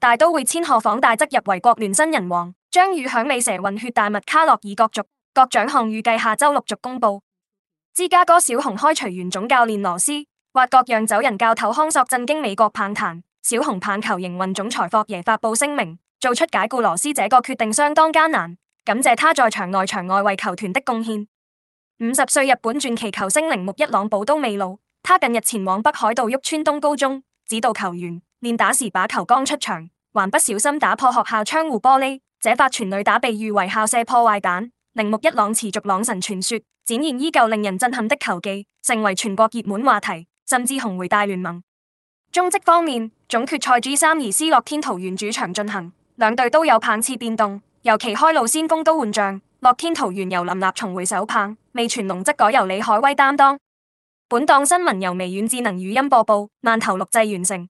大都會千賀滉大則入圍國聯新人王，將與響尾蛇混血大物卡洛爾角逐各獎項，各掌項預計下周陸續公布。芝加哥小熊開除原總教練羅斯，挖角讓走人教頭康索震驚美國棒壇。小熊棒球營運總裁霍爺發布聲明，做出解雇羅斯這個決定相當艱難，感謝他在場內場外為球團的貢獻。五十歲日本傳奇球星鈴木一朗寶刀未老，他近日前往北海道旭川東高中指導球員。練打時把球剛出場，還不小心打破學校窗戶玻璃，這發全壘打被譽為校舍破壞彈。鈴木一朗持續朗神傳說，展現依舊令人震撼的球技，成為全國熱門話題，甚至紅回大聯盟。中職方面，總決賽 G 三，移師樂天桃園主場進行，兩隊都有棒次變動，尤其開路先鋒都換將，樂天桃園由林立重回首棒，味全龍則改由李海威擔當。本檔新聞由微軟智能語音播報，慢頭錄製完成。